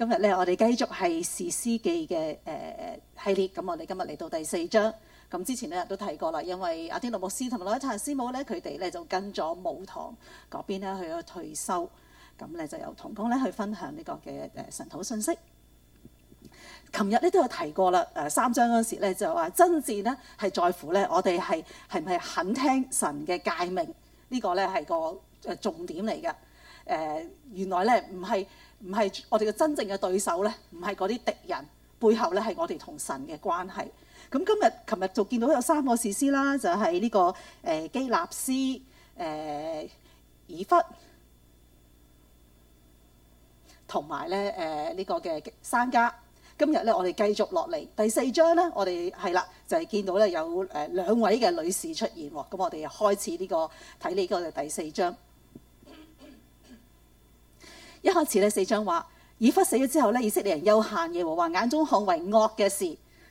今日咧，我哋繼續係士師記嘅誒、呃、系列。咁我哋今日嚟到第四章。咁之前咧都提過啦，因為阿丁羅牧師同埋羅伊塔師母咧，佢哋咧就跟咗母堂嗰邊咧去咗退休。咁咧就由同工咧去分享呢個嘅誒晨禱信息。琴日呢都有提過啦。誒三章嗰陣時咧就話真正咧係在乎咧我哋係係咪肯聽神嘅誡命？這個、呢是個咧係個誒重點嚟嘅。誒、呃、原來咧唔係。唔係我哋嘅真正嘅對手咧，唔係嗰啲敵人，背後咧係我哋同神嘅關係。咁今日、琴日就見到有三個士師啦，就係、是、呢、這個誒、呃、基納斯、誒、呃、以笏，同埋咧誒呢、呃這個嘅珊迦。今日咧，我哋繼續落嚟第四章咧，我哋係啦，就係、是、見到咧有誒兩位嘅女士出現喎。咁我哋開始呢、這個睇呢個嘅第四章。一開始咧，四章話以笏死咗之後咧，以色列人休行耶和華眼中看為惡嘅事。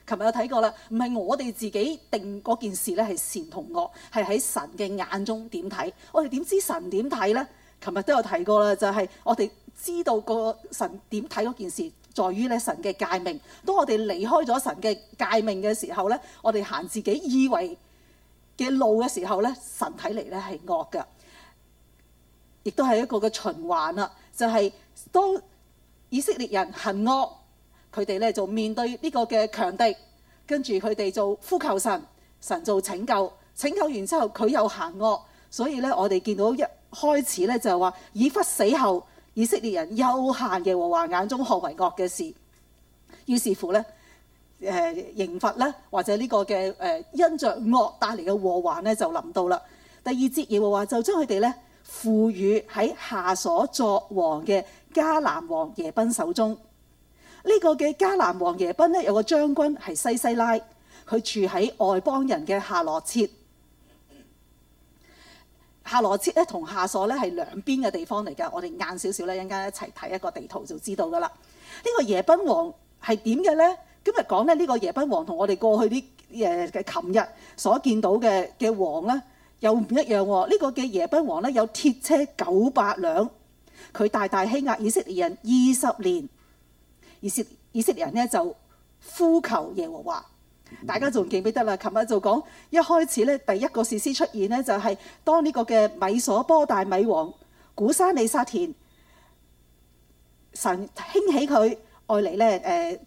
琴日有睇過啦，唔係我哋自己定嗰件事咧係善同惡，係喺神嘅眼中點睇？我哋點知神點睇呢？琴日都有提過啦，就係、是、我哋知道個神點睇嗰件事，在於咧神嘅誡命。當我哋離開咗神嘅誡命嘅時候咧，我哋行自己以為嘅路嘅時候咧，神睇嚟咧係惡嘅，亦都係一個嘅循環啦。就係、是、當以色列人行惡，佢哋咧就面對呢個嘅強敵，跟住佢哋做呼求神，神做拯救。拯救完之後，佢又行惡，所以咧我哋見到一開始咧就係話以笏死後，以色列人又行耶和華眼中何為惡嘅事，於是乎咧誒、呃、刑罰咧或者呢個嘅誒、呃、因着惡帶嚟嘅禍患咧就臨到啦。第二節耶和華就將佢哋咧。賦予喺夏所作王嘅迦南王耶賓手中。呢、這個嘅迦南王耶賓呢，有個將軍係西西拉，佢住喺外邦人嘅夏羅設。夏羅設咧同夏所呢係兩邊嘅地方嚟㗎。我哋晏少少呢，一陣間一齊睇一個地圖就知道㗎啦。呢、這個耶賓王係點嘅呢？今日講呢，呢個耶賓王同我哋過去啲誒嘅琴日所見到嘅嘅王呢。又唔一樣喎、哦。呢、這個嘅耶賓王呢，有鐵車九百輛，佢大大欺壓以色列人二十年，以色。以色列人呢，就呼求耶和華，大家仲記唔記得啦？琴日就講一開始呢，第一個士師出現呢，就係、是、當呢個嘅米所波大米王古珊利薩田，神興起佢愛嚟呢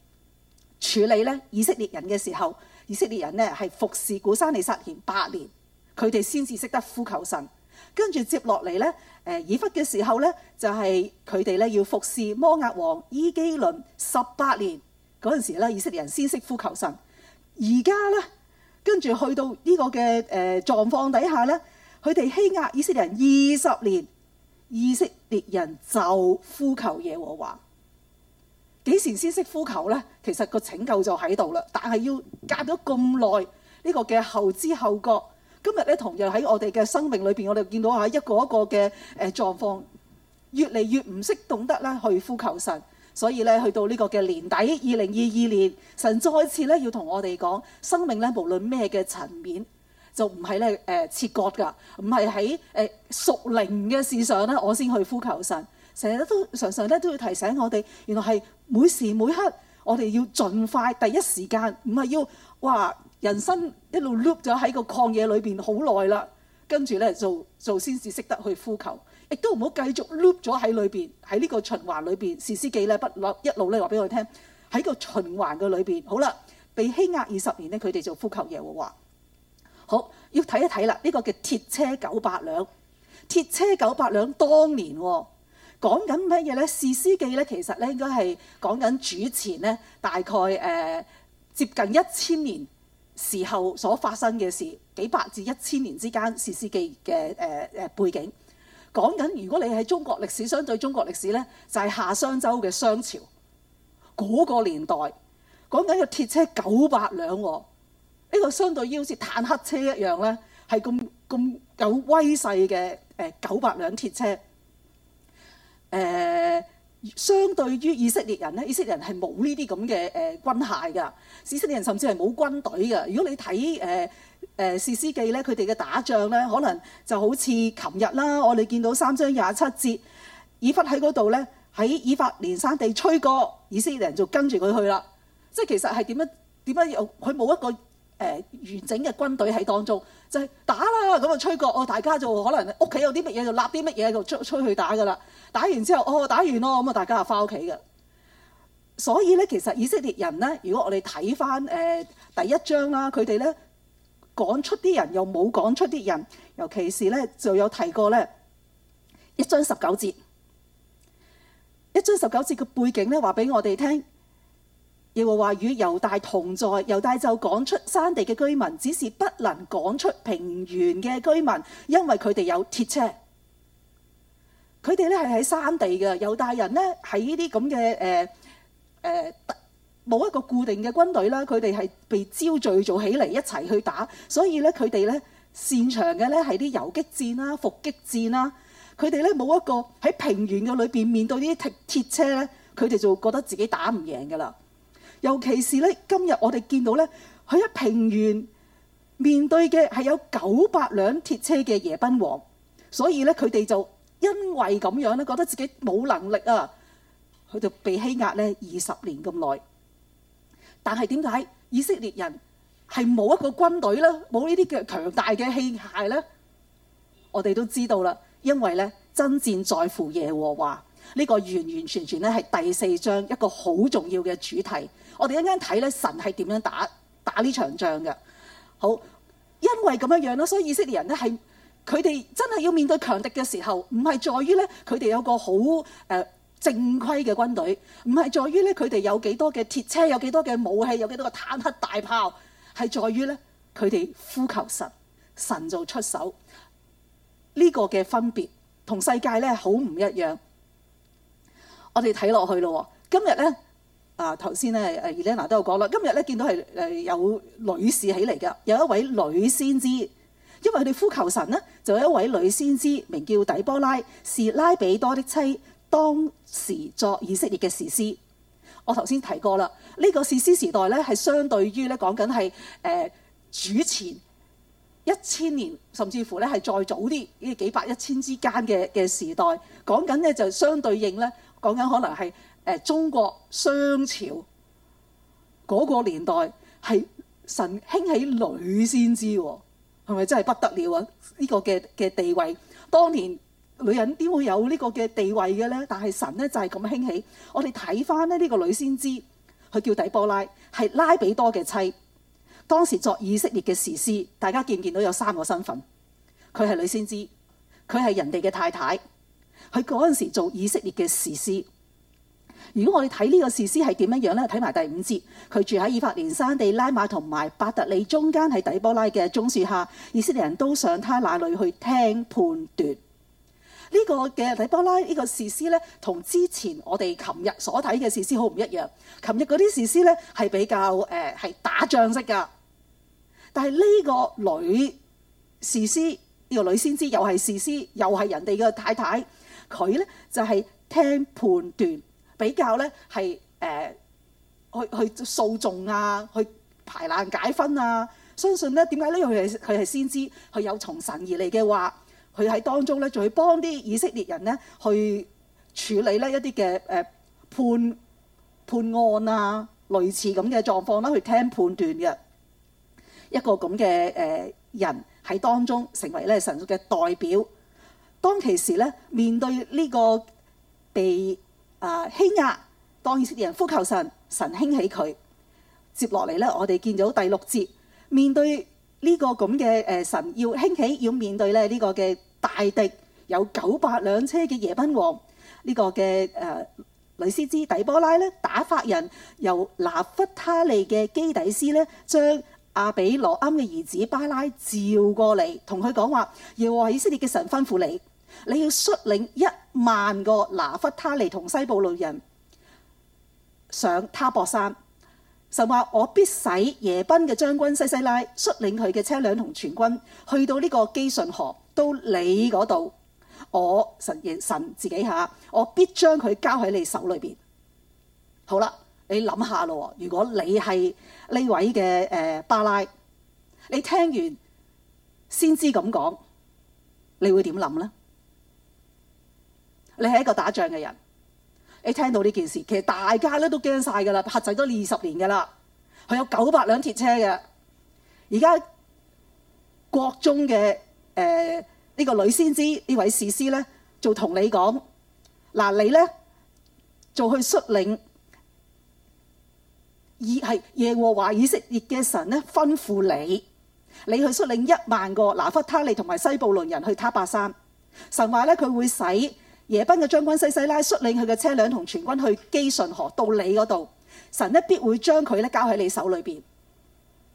誒處理咧以色列人嘅時候，以色列人呢，係服侍古珊利薩田八年。佢哋先至識得呼求神，跟住接落嚟呢，誒以笏嘅時候呢，就係佢哋呢要服侍摩押王伊磯倫十八年嗰陣時咧，以色列人先識呼求神。而家呢，跟住去到呢個嘅誒狀況底下呢，佢哋欺壓以色列人二十年，以色列人就呼求耶和華。幾時先識呼求呢？其實個拯救就喺度啦，但係要隔咗咁耐，呢個嘅後知後覺。今日咧，同樣喺我哋嘅生命裏邊，我哋見到嚇一個一個嘅誒狀況，越嚟越唔識懂得咧去呼求神，所以咧去到呢個嘅年底二零二二年，神再次咧要同我哋講，生命咧無論咩嘅層面，就唔係咧誒切割㗎，唔係喺誒屬靈嘅事上咧，我先去呼求神，成日都常常咧都，都要提醒我哋，原來係每時每刻我哋要盡快第一時間，唔係要哇。人生一路 loop 咗喺個曠野裏面好耐啦，跟住呢，就就先至識得去呼求，亦都唔好繼續 loop 咗喺裏面。喺呢個循環裏面，士師記呢，不落一路呢話俾我聽喺個循環嘅裏面，好啦，被欺壓二十年呢，佢哋就呼求耶和華。」好要睇一睇啦，呢、這個嘅鐵車九百兩。鐵車九百兩當年講緊咩嘢呢？士師記呢，其實呢應該係講緊主前呢，大概、呃、接近一千年。時候所發生嘅事，幾百至一千年之間士師記嘅誒誒背景，講緊如果你喺中國歷史，相對中國歷史呢，就係、是、夏商周嘅商朝嗰、那個年代，講緊個鐵車九百輛，呢、這個相對於好似坦克車一樣呢，係咁咁有威勢嘅誒九百輛鐵車，誒、呃。相對於以色列人咧，以色列人係冇呢啲咁嘅誒軍械㗎。以色列人甚至係冇軍隊㗎。如果你睇誒誒士師記咧，佢哋嘅打仗咧，可能就好似琴日啦，我哋見到三章廿七節，以弗喺嗰度咧，喺以法蓮山地吹過，以色列人就跟住佢去啦。即係其實係點樣點樣有佢冇一個誒、呃、完整嘅軍隊喺當中，就係、是、打啦咁啊吹過，哦，大家就可能屋企有啲乜嘢就立啲乜嘢就度吹去打㗎啦。打完之後，哦，打完咯，咁啊，大家啊，翻屋企嘅。所以呢，其實以色列人呢，如果我哋睇翻誒第一章啦，佢哋呢講出啲人又冇講出啲人，尤其是呢，就有提過呢，一章十九節，一章十九節嘅背景呢，話俾我哋聽，耶和華與猶大同在，猶大就趕出山地嘅居民，只是不能趕出平原嘅居民，因為佢哋有鐵車。佢哋咧係喺山地嘅，猶大人咧喺呢啲咁嘅，誒誒，冇、呃呃、一個固定嘅軍隊啦。佢哋係被招聚做起嚟一齊去打，所以咧佢哋咧擅長嘅咧係啲游擊戰啦、伏擊戰啦。佢哋咧冇一個喺平原嘅裏邊面面對啲鐵鐵車咧，佢哋就覺得自己打唔贏噶啦。尤其是咧今日我哋見到咧，佢喺平原面對嘅係有九百輛鐵車嘅耶賓王，所以咧佢哋就。因為咁樣咧，覺得自己冇能力啊，佢就被欺壓咧二十年咁耐。但係點解以色列人係冇一個軍隊咧，冇呢啲嘅強大嘅器械咧？我哋都知道啦，因為咧，爭戰在乎耶和華。呢個完完全全咧係第四章一個好重要嘅主題。我哋一陣間睇咧，神係點樣打打呢場仗嘅？好，因為咁樣樣啦，所以以色列人咧係。佢哋真係要面對強敵嘅時候，唔係在於咧佢哋有一個好誒、呃、正規嘅軍隊，唔係在於咧佢哋有幾多嘅鐵車，有幾多嘅武器，有幾多個坦克大炮，係在於咧佢哋呼求神，神就出手。呢、呢個嘅分別同世界咧好唔一樣。我哋睇落去咯，今日咧啊頭先咧，Elena 都有講啦。今日咧見到係誒、呃、有女士起嚟嘅，有一位女先知，因為佢哋呼求神咧。就有一位女先知，名叫底波拉，是拉比多的妻，當時作以色列嘅士師。我頭先提過啦，呢、這個士師時代咧，係相對於咧講緊係誒主前一千年，甚至乎咧係再早啲呢幾百一千之間嘅嘅時代。講緊咧就相對應咧，講緊可能係誒、呃、中國商朝嗰個年代是，係神興起女先知。係咪真係不得了啊？呢個嘅嘅地位，當年女人點會有呢個嘅地位嘅呢？但係神呢，就係咁興起。我哋睇翻呢呢個女先知，佢叫底波拉，係拉比多嘅妻。當時作以色列嘅士師，大家見唔見到有三個身份？佢係女先知，佢係人哋嘅太太，佢嗰陣時做以色列嘅士師。如果我哋睇呢個士師係點樣樣咧？睇埋第五節，佢住喺以法蓮山地拉馬同埋伯特利中間，係底波拉嘅棕樹下，以色列人都上他那裏去聽判斷。呢、這個嘅底波拉呢個士師呢，同之前我哋琴日所睇嘅士師好唔一樣。琴日嗰啲士師呢，係比較誒係、呃、打仗式噶，但係呢個女士師呢、這個女先知又係士師，又係人哋嘅太太，佢呢，就係、是、聽判斷。比較咧係誒去去訴訟啊，去排難解紛啊。相信咧點解呢？佢係佢係先知，佢有從神而嚟嘅話，佢喺當中咧就去幫啲以色列人咧去處理咧一啲嘅誒判判案啊，類似咁嘅狀況啦。去聽判斷嘅一個咁嘅誒人喺當中成為咧神嘅代表。當其時咧面對呢個被啊欺壓當以色列人呼求神，神興起佢。接落嚟呢，我哋見到第六節，面對呢個咁嘅誒神要興起，要面對咧呢、這個嘅大敵有九百輛車嘅耶賓王，呢、這個嘅誒、呃、女先知底波拉咧打發人由拿弗他利嘅基底斯咧，將亞比羅暗嘅兒子巴拉召過嚟，同佢講話：耶和華以色列嘅神吩咐你。你要率領一萬個拿弗他利同西布路人上他泊山，神話我必使耶賓嘅將軍西西拉率領佢嘅車輛同全軍去到呢個基順河到你嗰度，我神耶神自己下，我必將佢交喺你手裏面。好啦，你諗下咯，如果你係呢位嘅、呃、巴拉，你聽完先知咁講，你會點諗呢？你係一個打仗嘅人，你聽到呢件事，其實大家咧都驚晒噶啦，核仔都二十年噶啦，佢有九百輛鐵車嘅。而家國中嘅誒呢個女先知呢位士師咧，就同你講嗱，你咧就去率領以係耶和華以色列嘅神咧吩咐你，你去率領一萬個拿弗他利同埋西布倫人去他泊山。神話咧佢會使，耶賓嘅將軍西西拉率領佢嘅車輛同全軍去基順河到你嗰度，神一必會將佢咧交喺你手裏邊。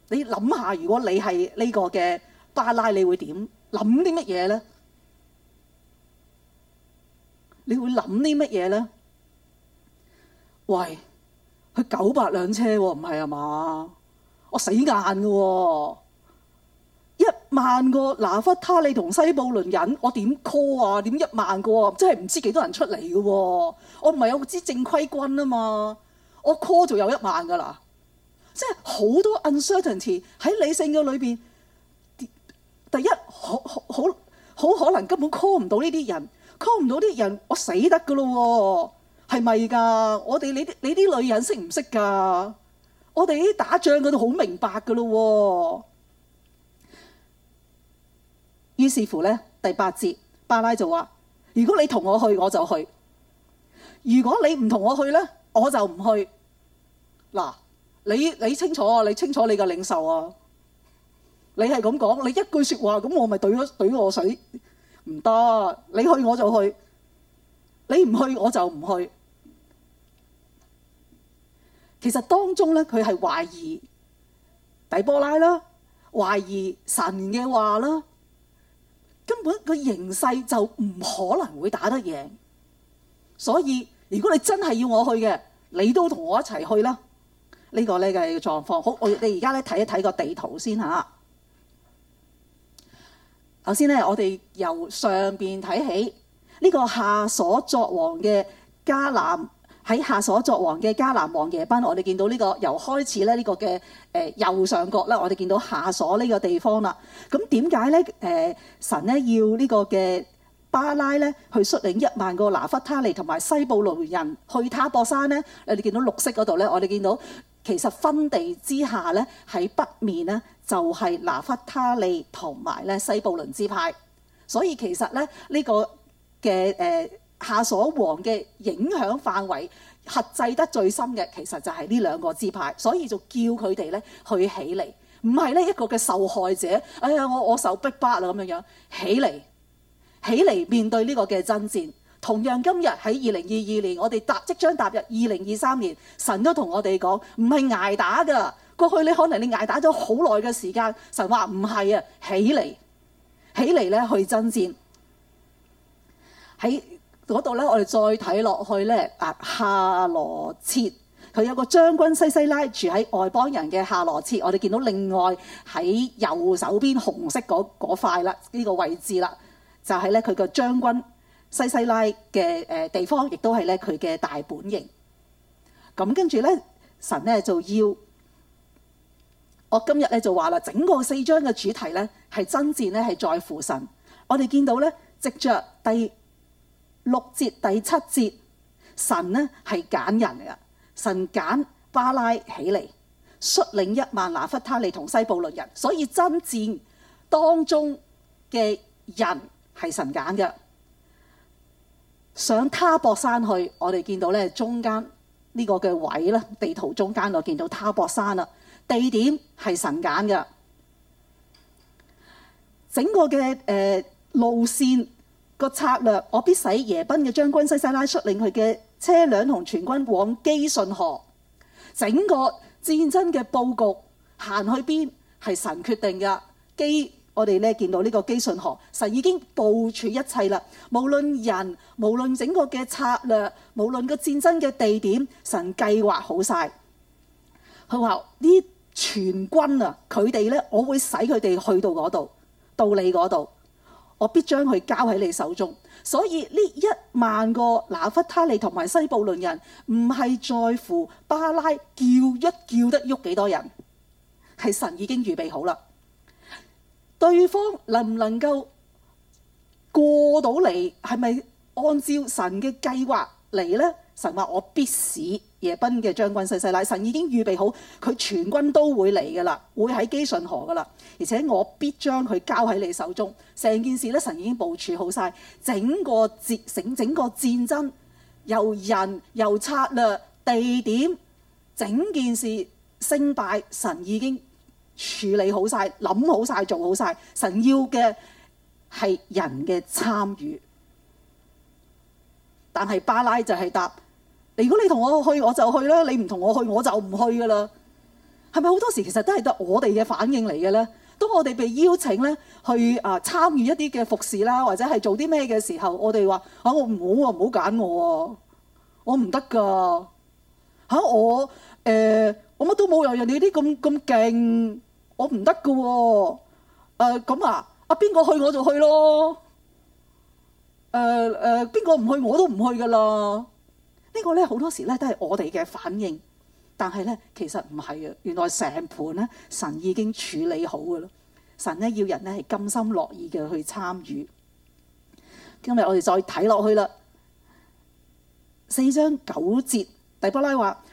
你諗下，如果你係呢個嘅巴拉，你會點？諗啲乜嘢咧？你會諗啲乜嘢咧？喂，佢九百輛車喎，唔係吖嘛？我死硬嘅喎。一萬個拿弗他利同西布倫人，我點 call 啊？點一萬個、啊？真係唔知幾多人出嚟嘅、啊？我唔係有支正規軍啊嘛？我 call 就有一萬噶啦，即係好多 uncertainty 喺理性嘅裏面，第一，好好好可能根本 call 唔到呢啲人，call 唔到啲人，我死得噶咯喎？係咪㗎？我哋你啲你啲女人識唔識㗎？我哋啲打仗嗰度好明白噶咯喎。於是乎咧，第八節巴拉就話：如果你同我去，我就去；如果你唔同我去咧，我就唔去。嗱，你你清楚啊？你清楚你嘅領袖啊？你係咁講，你一句說話咁，我咪懟咗懟我水唔得。你去我就去，你唔去我就唔去。其實當中咧，佢係懷疑底波拉啦，懷疑神嘅話啦。根本個形勢就唔可能會打得贏，所以如果你真係要我去嘅，你都同我一齊去啦。呢個呢嘅狀況，好，我哋而家咧睇一睇個地圖先下。首先呢，我哋由上面睇起，呢個下所作王嘅迦南。喺夏瑣作王嘅迦南王耶賓，我哋見到呢、這個由開始咧，呢、這個嘅誒、呃、右上角啦，我哋見到夏瑣呢個地方啦。咁點解咧？誒、呃、神咧要呢個嘅巴拉咧去率領一萬個拿弗他利同埋西布倫人去他泊山咧？你哋見到綠色嗰度咧，我哋見到其實分地之下咧，喺北面咧就係、是、拿弗他利同埋咧西布倫支派。所以其實咧呢、這個嘅誒。呃下瑣王嘅影響範圍轄制得最深嘅，其實就係呢兩個支派，所以就叫佢哋呢去起嚟，唔係呢一個嘅受害者。哎呀，我我受逼迫啦咁樣樣，起嚟，起嚟面對呢個嘅爭戰。同樣今日喺二零二二年，我哋踏即將踏入二零二三年，神都同我哋講，唔係捱打㗎。過去你可能你捱打咗好耐嘅時間，神話唔係啊，起嚟，起嚟呢去爭戰，喺。嗰度咧，我哋再睇落去咧，啊，夏羅切佢有個將軍西西拉住喺外邦人嘅夏羅切，我哋見到另外喺右手邊紅色嗰塊啦，呢個位置啦，就係咧佢嘅將軍西西拉嘅誒地方，亦都係咧佢嘅大本營。咁跟住咧，神咧就要我今日咧就話啦，整個四章嘅主題咧係爭戰咧係在乎神。我哋見到咧，藉着第六節第七節，神呢係揀人嚟，神揀巴拉起嚟，率領一萬拿弗他利同西布倫人，所以爭戰當中嘅人係神揀嘅。上他泊山去，我哋見到呢中間這個呢個嘅位呢，地圖中間我見到他泊山啦，地點係神揀嘅，整個嘅誒、呃、路線。.個策略，我必使耶賓嘅將軍西西拉拉率領佢嘅車輛同全軍往基順河。整個戰爭嘅布局行去邊係神決定噶。基我哋咧見到呢個基順河，神已經部署一切啦。無論人，無論整個嘅策略，無論個戰爭嘅地點，神計劃好晒。佢話呢全軍啊，佢哋呢，我會使佢哋去到嗰度，到你嗰度。我必將佢交喺你手中，所以呢一萬個拿弗他利同埋西布倫人，唔係在乎巴拉叫一叫得喐幾多人，係神已經預備好啦。對方能唔能夠過到嚟，係咪按照神嘅計劃嚟咧？神話我必死。耶賓嘅將軍西西拉，神已經預備好，佢全軍都會嚟噶啦，會喺基順河噶啦，而且我必將佢交喺你手中。成件事咧，神已經部署好晒，整個戰整整個戰爭，由人由策略地點，整件事勝敗，神已經處理好晒，諗好晒，做好晒。神要嘅係人嘅參與，但係巴拉就係答，如果你同我去我就去啦，你唔同我去我就唔去噶啦。係咪好多時其實都係得我哋嘅反應嚟嘅咧？當我哋被邀請咧去啊參與一啲嘅服侍啦，或者係做啲咩嘅時候，我哋話嚇我唔好喎，唔好揀我喎，我唔得噶嚇，我誒、啊，我乜都冇，人人哋啲咁咁勁，我唔得噶喎。誒咁啊，啊邊個去我就去咯。誒、啊、誒，邊個唔去我都唔去噶啦。這個、呢個咧好多時咧都係我哋嘅反應，但係咧其實唔係啊！原來成盤咧神已經處理好噶啦，神咧要人咧係甘心樂意嘅去參與。今日我哋再睇落去啦，四章九節，底波拉話：，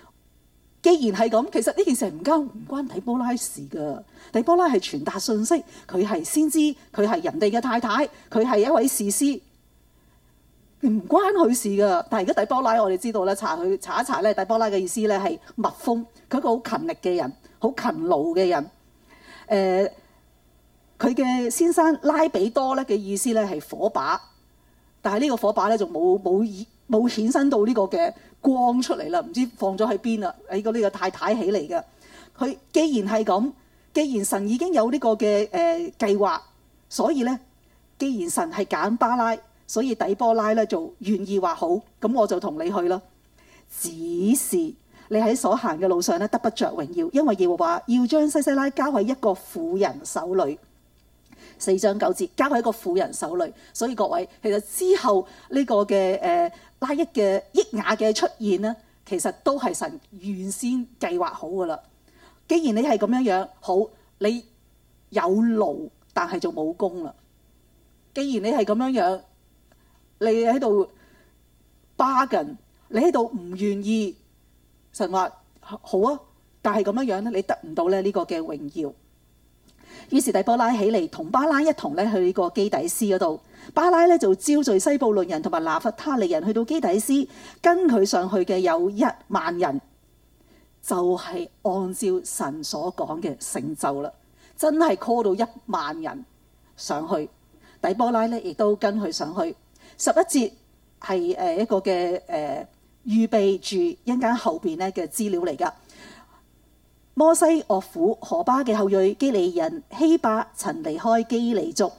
既然係咁，其實呢件事唔交唔關底波拉事噶。底波拉係傳達訊息，佢係先知，佢係人哋嘅太太，佢係一位士師。唔關佢事噶，但係而家底波拉，我哋知道咧，查佢查一查咧，底波拉嘅意思咧係蜜蜂，佢一個好勤力嘅人，好勤勞嘅人。誒、呃，佢嘅先生拉比多咧嘅意思咧係火把，但係呢個火把咧就冇冇冇顯身到呢個嘅光出嚟啦，唔知放咗喺邊啦。喺個呢個太太起嚟嘅，佢既然係咁，既然神已經有呢、這個嘅誒、呃、計劃，所以咧，既然神係揀巴拉。所以底波拉咧就願意話好，咁我就同你去啦。只是你喺所行嘅路上咧得不着榮耀，因為耶和華要將西西拉交喺一個婦人手裏。四章九節，交喺一個婦人手裏。所以各位，其實之後呢個嘅拉一嘅益雅嘅出現呢，其實都係神原先計劃好噶啦。既然你係咁樣樣，好你有勞，但係就冇功啦。既然你係咁樣樣。你喺度 bargain，你喺度唔願意神話好啊，但係咁樣樣咧，你得唔到咧呢個嘅榮耀。於是底波拉起嚟同巴拉一同咧去個基底斯嗰度，巴拉呢就招聚西布倫人同埋拿弗他利人去到基底斯，跟佢上去嘅有一萬人，就係、是、按照神所講嘅成就啦，真係 call 到一萬人上去，底波拉呢亦都跟佢上去。十一節係誒一個嘅誒、呃、預備住一陣後邊咧嘅資料嚟噶。摩西岳父何巴嘅後裔基尼人希百曾離開基尼族，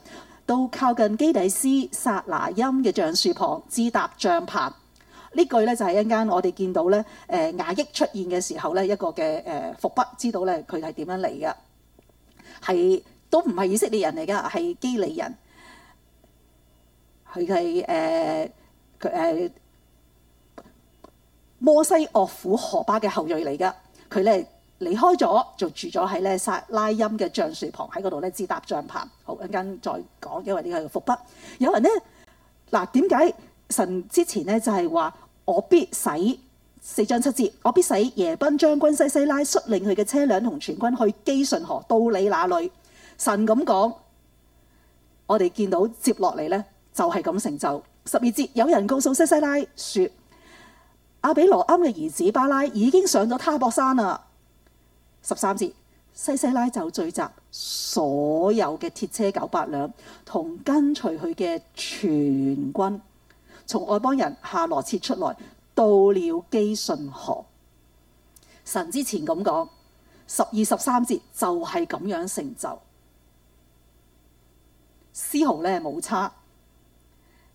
到靠近基低斯撒拿音嘅橡樹旁支搭帳棚。呢句呢就係、是、一陣我哋見到呢誒雅億出現嘅時候呢一個嘅誒伏筆，知道呢佢係點樣嚟嘅，係都唔係以色列人嚟噶，係基尼人。佢係誒佢誒摩西岳父何巴嘅後裔嚟㗎。佢咧離開咗，就住咗喺咧撒拉音嘅橡樹旁，喺嗰度咧支搭帳棚。好一陣間再講，因為呢個係個伏筆。有人呢？嗱，點解神之前呢就係話我必使四章七節，我必使耶賓將軍西西拉率領佢嘅車輛同全軍去基順河到你那裡？神咁講，我哋見到接落嚟咧。就係、是、咁成就。十二節有人告訴西西拉說：阿比羅庵嘅兒子巴拉已經上咗他博山啦。十三節西西拉就聚集所有嘅鐵車九百輛，同跟隨佢嘅全軍，從外邦人夏羅設出來，到了基順河。神之前咁講，十二十三節就係咁樣成就，絲毫呢冇差。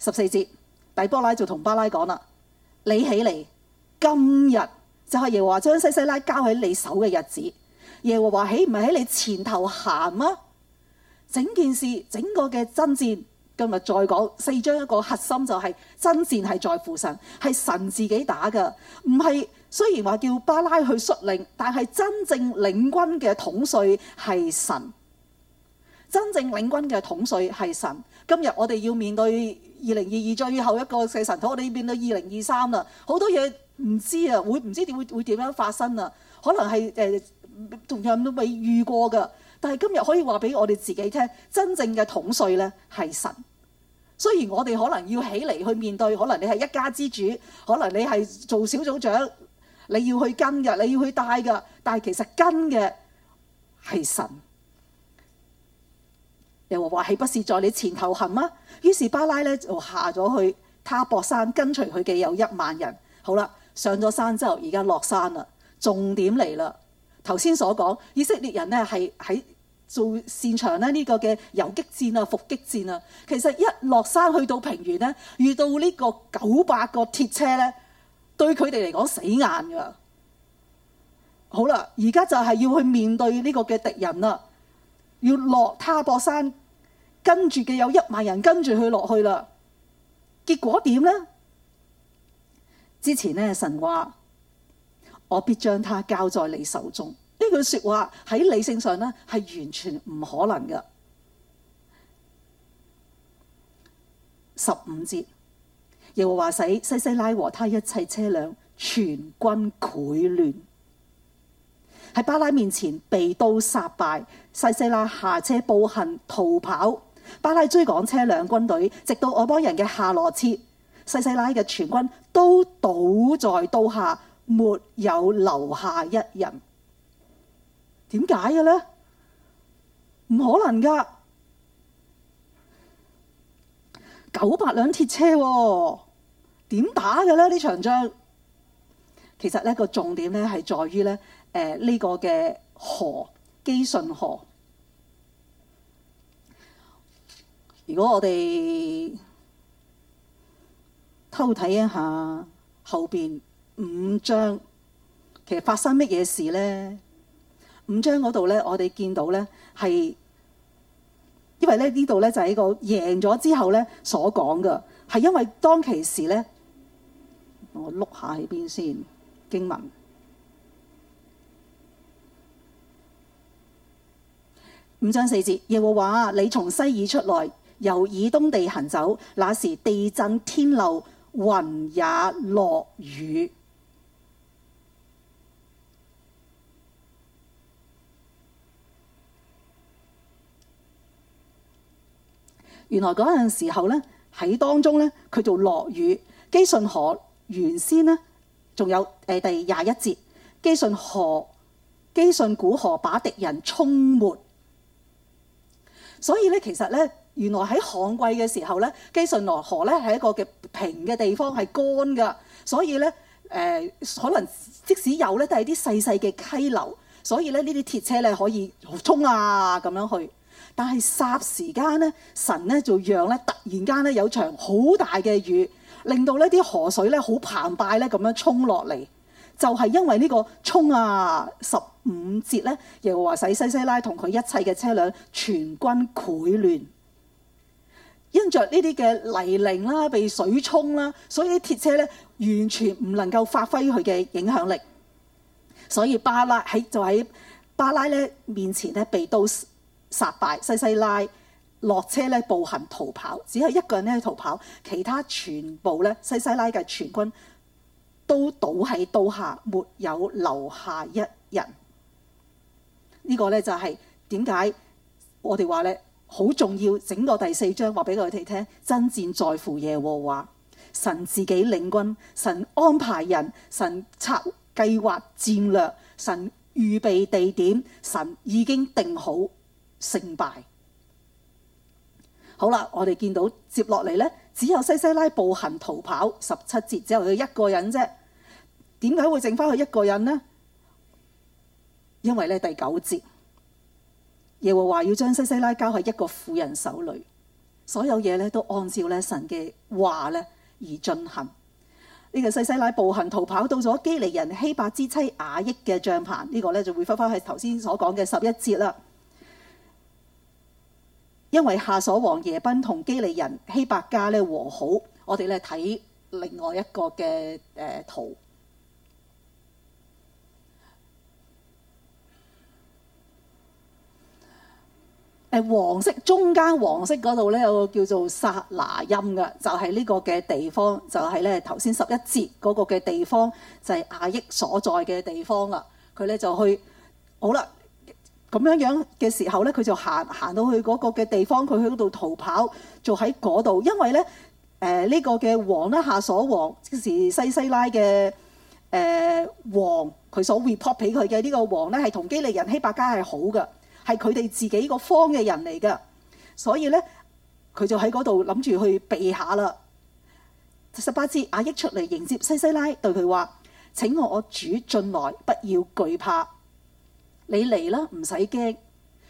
十四節，底波拉就同巴拉講啦：你起嚟，今日就係耶和華將西西拉交喺你手嘅日子。耶和華豈唔係喺你前頭行嗎？整件事整個嘅爭戰，今日再講四章一個核心就係、是、爭戰係在乎神，係神自己打㗎。唔係雖然話叫巴拉去率領，但係真正領軍嘅統帥係神，真正領軍嘅統帥係神。今日我哋要面對二零二二最後一個四晨禱，我哋要面對二零二三啦，好多嘢唔知啊，會唔知點會會點樣發生啊？可能係誒、呃，同樣都未遇過嘅。但係今日可以話俾我哋自己聽，真正嘅統帥呢係神。雖然我哋可能要起嚟去面對，可能你係一家之主，可能你係做小組長，你要去跟嘅，你要去帶嘅，但係其實跟嘅係神。又話豈不是在你前頭行嗎？於是巴拉咧就下咗去他泊山，跟隨佢嘅有一萬人。好啦，上咗山之後，而家落山啦。重點嚟啦，頭先所講以色列人呢係喺做擅長咧呢個嘅游擊戰啊、伏擊戰啊。其實一落山去到平原呢，遇到呢個九百個鐵車呢，對佢哋嚟講死硬噶。好啦，而家就係要去面對呢個嘅敵人啦，要落他泊山。跟住嘅有一萬人跟住佢落去啦，結果點呢？之前呢神話我必將他交在你手中呢句說話喺理性上呢係完全唔可能嘅。十五節，耶和華使西西拉和他一切車輛全軍潰亂，喺巴拉面前被刀殺敗，西西拉下車步行逃跑。巴拉追趕車輛軍隊，直到外邦人嘅夏羅設。西西拉嘅全軍都倒在刀下，沒有留下一人。點解嘅咧？唔可能噶，九百輛鐵車喎，點打嘅咧？呢場仗其實呢個重點咧係在於咧，誒呢個嘅河，基順河。如果我哋偷睇一下後邊五章，其實發生乜嘢事咧？五章嗰度咧，我哋見到咧，係因為咧呢度咧就係個贏咗之後咧所講嘅。係因為當其時咧，我碌下喺邊先，經文五章四節，耶和華，你從西爾出來。由以東地行走，那時地震天漏，雲也落雨。原來嗰陣時候呢，喺當中呢，佢就落雨。基信河原先呢，仲有誒，第廿一節基信河、基信古河把敵人沖沒。所以呢，其實呢。原來喺旱季嘅時候咧，基順羅河咧係一個嘅平嘅地方，係乾嘅，所以咧誒、呃、可能即使有咧，都係啲細細嘅溪流。所以咧呢啲鐵車咧可以沖啊咁樣去。但係霎時間咧，神咧就讓咧，突然間咧有場好大嘅雨，令到呢啲河水咧好澎湃咧咁樣沖落嚟。就係、是、因為這個沖、啊、呢個沖啊十五節咧，又話使西西拉同佢一切嘅車輛全軍潰亂。因着呢啲嘅泥濘啦，被水沖啦，所以鐵車呢完全唔能夠發揮佢嘅影響力。所以巴拉喺就喺巴拉呢面前呢被刀殺敗，西西拉落車呢步行逃跑，只係一個人呢逃跑，其他全部呢西西拉嘅全軍都倒喺刀下，沒有留下一人。呢、呢個呢就係點解我哋話呢。好重要，整個第四章話俾佢哋聽，真戰在乎耶和華，神自己領軍，神安排人，神策計劃戰略，神預備地點，神已經定好勝敗。好啦，我哋見到接落嚟呢，只有西西拉步行逃跑，十七節只有佢一個人啫。點解會剩返佢一個人呢？因為呢第九節。耶和華要將西西拉交喺一個婦人手裏，所有嘢咧都按照咧神嘅話咧而進行。呢、這個西西拉步行逃跑到咗基尼人希伯之妻雅億嘅帳棚，呢、這個咧就會翻翻去頭先所講嘅十一節啦。因為夏瑣王耶賓同基尼人希伯家咧和好，我哋咧睇另外一個嘅誒圖。誒黃色中間黃色嗰度咧有個叫做撒拿音嘅，就係、是、呢個嘅地方，就係咧頭先十一節嗰個嘅地方，就係、是、雅億所在嘅地方啦。佢咧就去，好啦，咁樣樣嘅時候咧，佢就行行到去嗰個嘅地方，佢喺度逃跑，就喺嗰度，因為咧誒呢個嘅王咧，夏瑣王即時西西拉嘅誒、呃、王，佢所 report 俾佢嘅呢個王咧，係同基尼人希伯家係好嘅。係佢哋自己個方嘅人嚟噶，所以呢，佢就喺嗰度諗住去避下啦。十八節，阿益出嚟迎接西西拉，對佢話：請我主進來，不要懼怕。你嚟啦，唔使驚。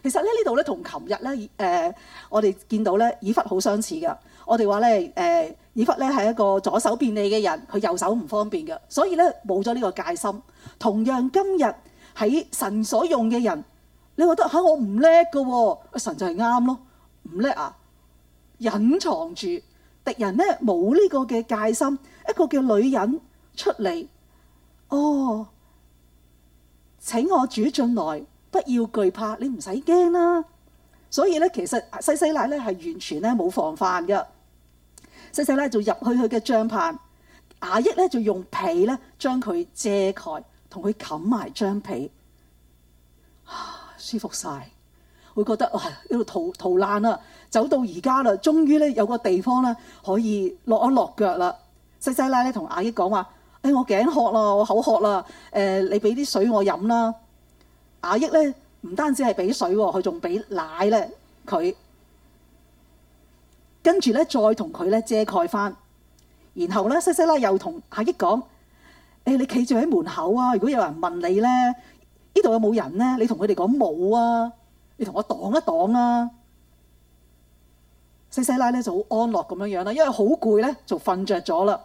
其實呢呢度呢，同琴日呢，誒、呃、我哋見到呢，以笏好相似噶。我哋話呢，呃、以笏呢係一個左手便利嘅人，佢右手唔方便嘅，所以呢，冇咗呢個戒心。同樣今日喺神所用嘅人。你覺得嚇我唔叻嘅喎，神就係啱咯，唔叻啊！隱藏住敵人呢冇呢個嘅戒心。一個叫女人出嚟，哦，請我主進來，不要懼怕，你唔使驚啦。所以呢，其實西西拉呢係完全呢冇防範嘅，西西拉就入去佢嘅帳棚，雅億呢就用被呢將佢遮蓋，同佢冚埋張被。舒服晒，會覺得哇喺度逃逃難啦，走到而家啦，終於咧有個地方咧可以落一落腳啦。西西拉咧同阿益講話，誒、哎、我頸渴啦，我口渴啦，誒、呃、你俾啲水我飲啦。阿益咧唔單止係俾水，佢仲俾奶咧佢，跟住咧再同佢咧遮蓋返，然後咧西西拉又同阿益講，誒、哎、你企住喺門口啊，如果有人問你咧。呢度有冇人呢？你同佢哋講冇啊！你同我擋一擋啊！細細拉咧就好安樂咁樣樣啦，因為好攰咧就瞓着咗啦。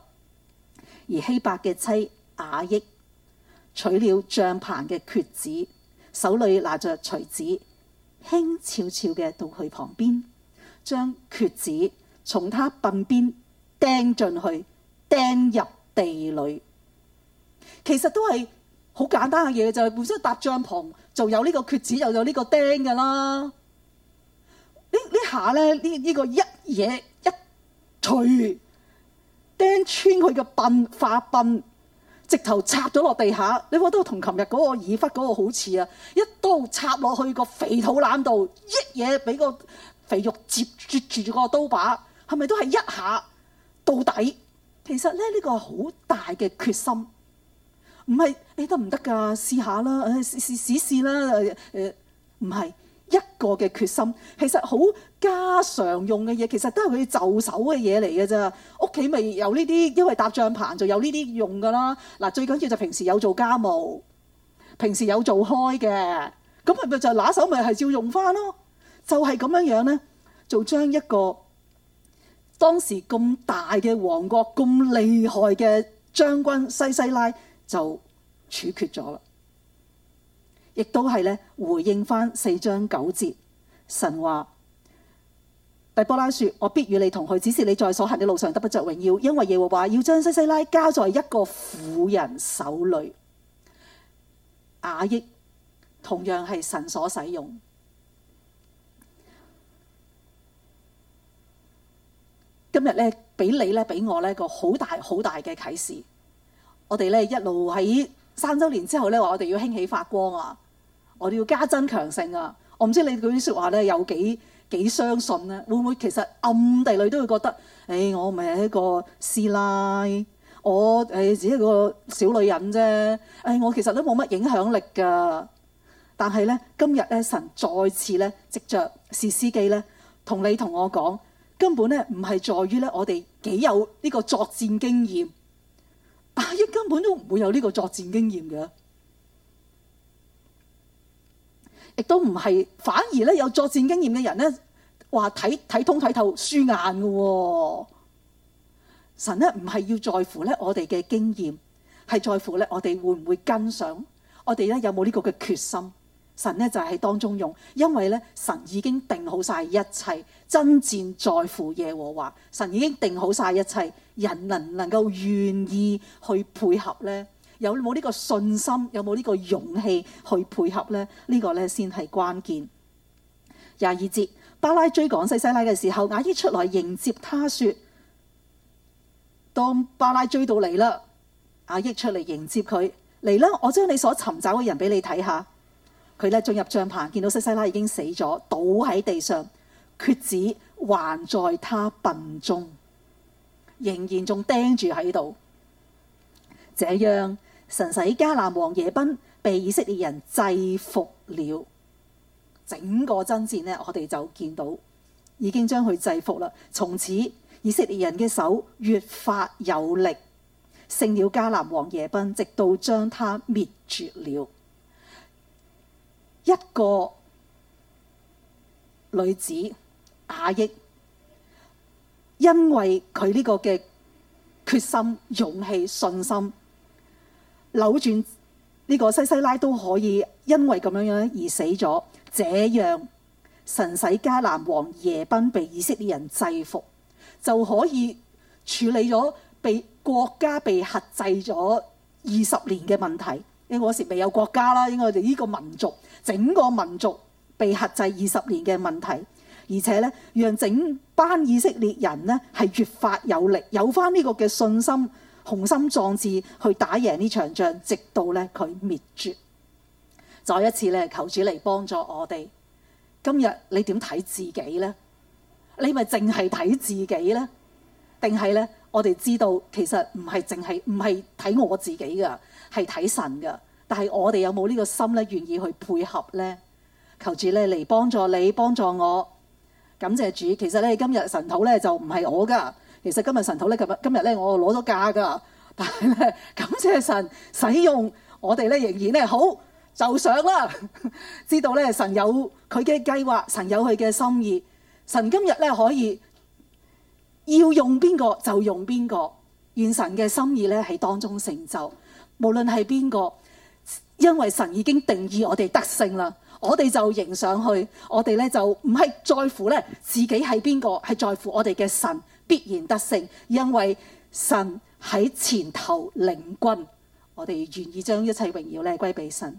而希伯嘅妻雅億，取了帳棚嘅橛子，手裏拿着錘子，輕悄悄嘅到佢旁邊，將橛子從他鬢邊釘進去，釘入地裏。其實都係。好簡單嘅嘢就係本身搭帳篷，就有呢個橛子又有呢個釘嘅啦。呢呢呢呢下咧呢呢個一嘢一錘釘穿佢個鬢化鬢，直頭插咗落地下。你覺得同琴日嗰個耳忽嗰個好似啊？一刀插落去個肥肚腩度，一嘢俾個肥肉接住住個刀把，係咪都係一下到底？其實咧呢、呢個好大嘅決心。唔係你得唔得㗎？試下啦，試試試試啦。誒唔係一個嘅決心，其實好家常用嘅嘢，其實都係佢哋就手嘅嘢嚟嘅啫。屋企咪有呢啲，因為搭帳棚就有呢啲用㗎啦。嗱，最緊要就平時有做家務，平時有做開嘅，咁係咪就拿手咪係照用翻咯？就係咁樣樣呢，就將一個當時咁大嘅王國、咁厲害嘅將軍西西拉。就處決咗啦，亦都係咧回應翻四章九節，神話。底波拉說：我必與你同去，只是你在所行的路上得不著榮耀，因為耶和華要將西西拉交在一個婦人手裏。雅億同樣係神所使用。今日咧，俾你咧，俾我呢個好大好大嘅啟示。我哋咧一路喺三周年之後咧話我哋要興起發光啊！我哋要加增強盛啊！我唔知你嗰啲說話咧有幾幾相信咧、啊？會唔會其實暗地裏都會覺得，誒、哎、我咪一個師奶，我誒只係一個小女人啫，誒、哎、我其實都冇乜影響力㗎。但係咧，今日咧神再次咧藉著士師記咧，同你同我講，根本咧唔係在於咧我哋幾有呢個作戰經驗。阿英根本都唔會有呢個作戰經驗嘅，亦都唔係，反而咧有作戰經驗嘅人咧，話睇睇通睇透輸眼嘅。神咧唔係要在乎咧我哋嘅經驗，係在乎咧我哋會唔會跟上，我哋咧有冇呢個嘅決心。神呢就係喺當中用，因為呢神已經定好晒一切，爭戰在乎耶和華。神已經定好晒一切，人能唔能夠願意去配合呢？有冇呢個信心，有冇呢個勇氣去配合呢？呢、呢個呢先係關鍵。廿二節，巴拉追趕西西拉嘅時候，雅億出來迎接他，說：當巴拉追到你啦，雅億出嚟迎接佢嚟啦，我將你所尋找嘅人俾你睇下。佢呢，進入帳棚，見到西西拉已經死咗，倒喺地上，橛子還在他鬢中，仍然仲釘住喺度。這樣神使迦南王耶賓被以色列人制服了。整個爭戰呢，我哋就見到已經將佢制服了。從此以色列人嘅手越發有力，勝了迦南王耶賓，直到將他滅絕了。一個女子雅億，因為佢呢個嘅決心、勇氣、信心，扭轉呢個西西拉都可以，因為咁樣樣而死咗，這樣神使迦南王耶賓被以色列人制服，就可以處理咗被國家被轄制咗二十年嘅問題。因為我時未有國家啦，應該我哋呢個民族整個民族被壓制二十年嘅問題，而且呢，讓整班以色列人呢係越發有力，有返呢個嘅信心、雄心壯志去打贏呢場仗，直到呢佢滅絕。再一次呢，求主嚟幫助我哋。今日你點睇自己呢？你咪淨係睇自己呢？定係呢？我哋知道，其實唔係淨係唔係睇我自己㗎，係睇神㗎。但係我哋有冇呢個心咧，願意去配合呢？求主咧嚟幫助你，幫助我。感謝主，其實咧今日神土咧就唔係我㗎。其實今日神土咧今日今日咧我攞咗假㗎，但係咧感謝神使用我哋咧，仍然咧好就上啦。知道咧神有佢嘅計劃，神有佢嘅心意，神今日咧可以。要用邊個就用邊個，願神嘅心意咧喺當中成就。無論係邊個，因為神已經定義我哋得勝啦，我哋就迎上去，我哋咧就唔係在乎咧自己係邊個，係在乎我哋嘅神必然得勝，因為神喺前頭領軍，我哋願意將一切榮耀咧歸俾神。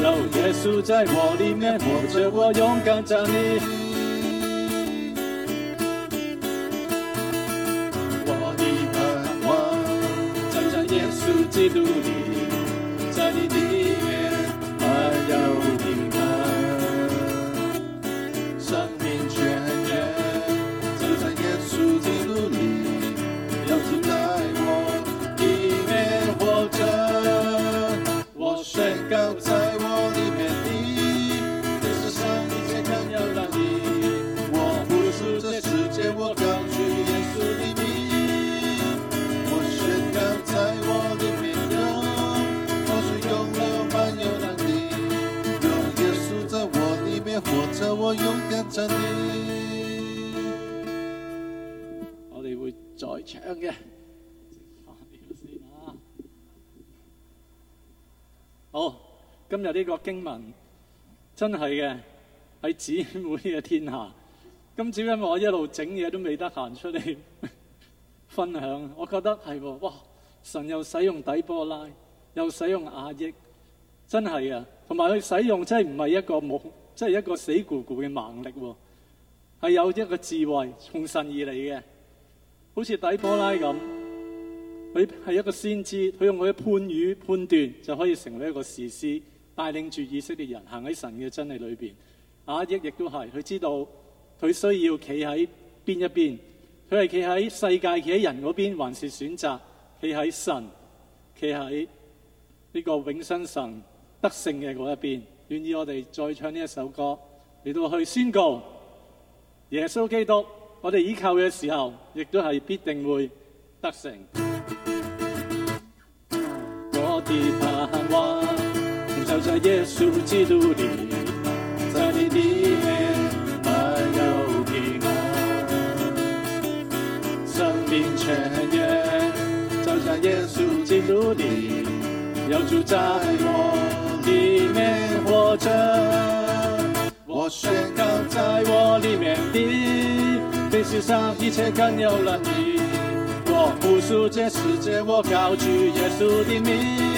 有耶穌在我裏面，活着我勇敢站立。我的盼望，站在耶穌基督。呢、這個經文真係嘅係姊妹嘅天下。今朝因為我一路整嘢都未得閒出嚟分享，我覺得係哇，神又使用底波拉，又使用雅億，真係啊。同埋佢使用真係唔係一個冇，即係一個死咕咕嘅蠻力，係有一個智慧從神而嚟嘅，好似底波拉咁，佢係一個先知，佢用佢嘅判語判斷就可以成為一個士師。帶領住以色列人行喺神嘅真理裏邊，雅億亦，亦都係佢知道佢需要企喺邊一邊，佢係企喺世界企喺人嗰邊，還是選擇企喺神，企喺呢個永生神得勝嘅嗰一邊。願意我哋再唱呢一首歌嚟到去宣告耶穌基督，我哋依靠嘅時候，亦都係必定會得勝。我哋耶穌基督裡在你的裡面有平安，生命泉源，走向耶穌基督裡，要住在我裏面活着。我宣告在我裏面的比世上一切更有能力，我付出這世界，我高舉耶穌的名。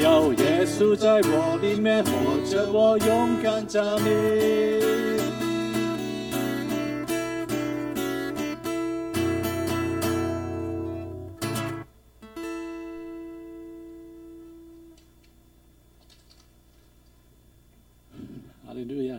有耶穌在我裏面，活着我，勇敢站立。阿利路亞。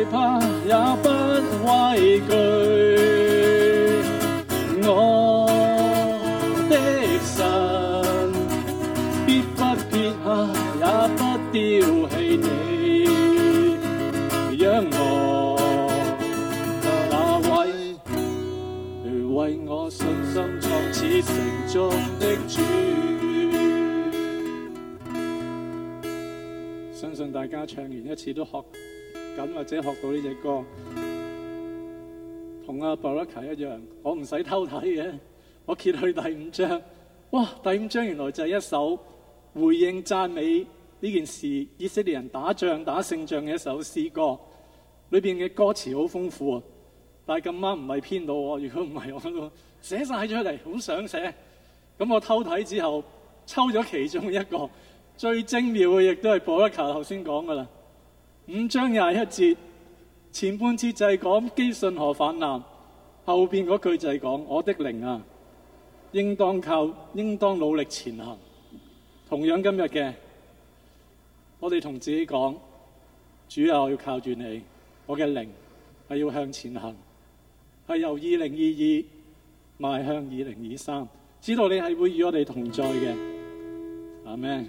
害怕也不畏懼，我的神，必不撇下也不丟棄你，讓我那位為我信心創始成終的主。相信大家唱完一次都學。或者學到呢隻歌，同阿 Beracah 一樣，我唔使偷睇嘅，我揭去第五章。哇，第五章原來就係一首回應讚美呢件事，以色列人打仗打勝仗嘅一首詩歌，裏邊嘅歌詞好豐富啊！但係咁啱唔係編到我，如果唔係我寫晒出嚟，好想寫。咁我偷睇之後，抽咗其中一個最精妙嘅，亦都係 Beracah 頭先講噶啦。五章廿一節，前半節就係講基順河氾濫，後邊嗰句就係講我的靈啊，應當靠，應當努力前行。同樣今日嘅，我哋同自己講，主啊，要靠住你，我嘅靈係要向前行，係由二零二二邁向二零二三，知道你係會與我哋同在嘅。阿們。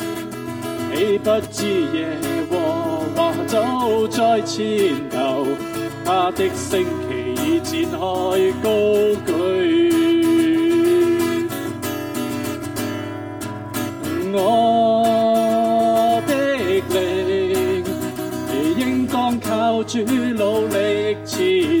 你不知耶和華走在前頭，他的升旗已展開高舉。我的靈，亦應當靠主努力前。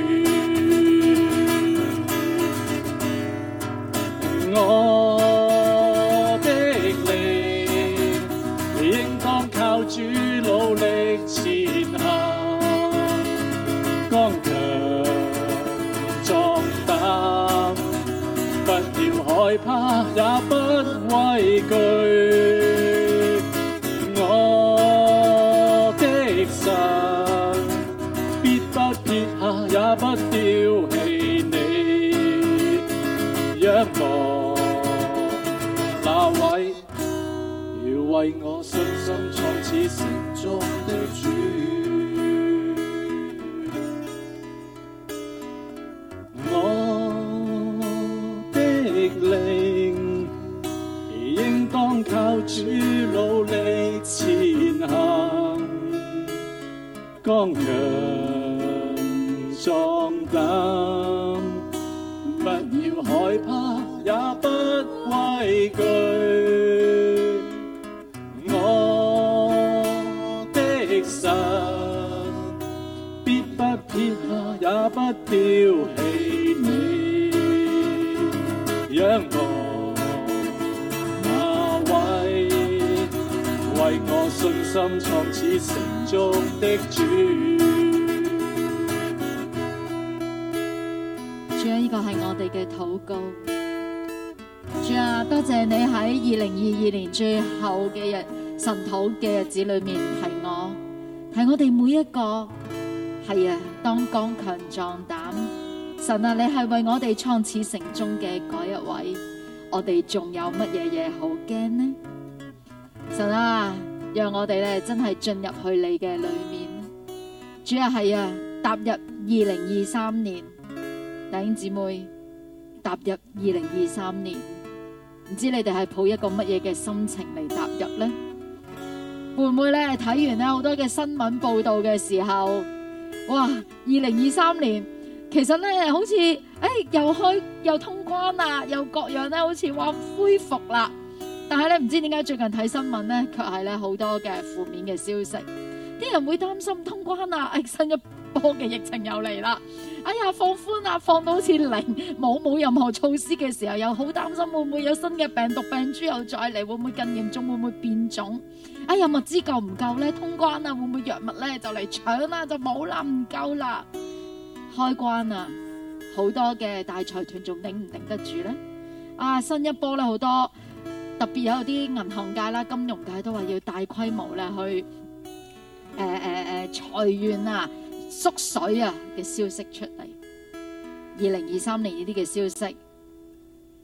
也不丟棄你一望，若那位要為我信心創始成終的主，我的靈應當靠主努力前行，剛強。不要害怕，也不畏懼。我的神，必不撇下，也不丟棄你。仰望那位，為我信心創始成終的主。你嘅禱告，主啊，多謝你喺二零二二年最後嘅日神討嘅日子裏面，係我，係我哋每一個，係啊，當剛強壯膽，神啊，你係為我哋創始成終嘅嗰一位，我哋仲有乜嘢嘢好驚呢？神啊，讓我哋咧真係進入去你嘅裏面，主啊，係啊，踏入二零二三年，弟兄姊妹。踏入二零二三年，唔知你哋係抱一個乜嘢嘅心情嚟踏入呢？會唔會咧睇完咧好多嘅新聞報道嘅時候，哇！二零二三年其實咧好似，誒、哎、又開又通關啊，又各樣咧，好似話恢復啦。但係咧唔知點解最近睇新聞咧，卻係咧好多嘅負面嘅消息，啲人會擔心通關啊，疫輸入。嘅疫情又嚟啦！哎呀，放寬啊，放到好似零，冇冇任何措施嘅時候，又好擔心會唔會有新嘅病毒病株又再嚟，會唔會更嚴重，會唔會變種？哎呀，物資夠唔夠咧？通關啊，會唔會藥物咧就嚟搶啦，就冇啦，唔夠啦，開關啊！好多嘅大財團仲頂唔頂得住咧？啊，新一波咧好多，特別有啲銀行界啦、金融界都話要大規模咧去誒誒誒裁員啊！縮水啊嘅消息出嚟，二零二三年呢啲嘅消息，